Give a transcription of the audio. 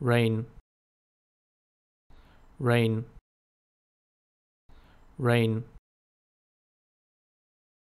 rain rain rain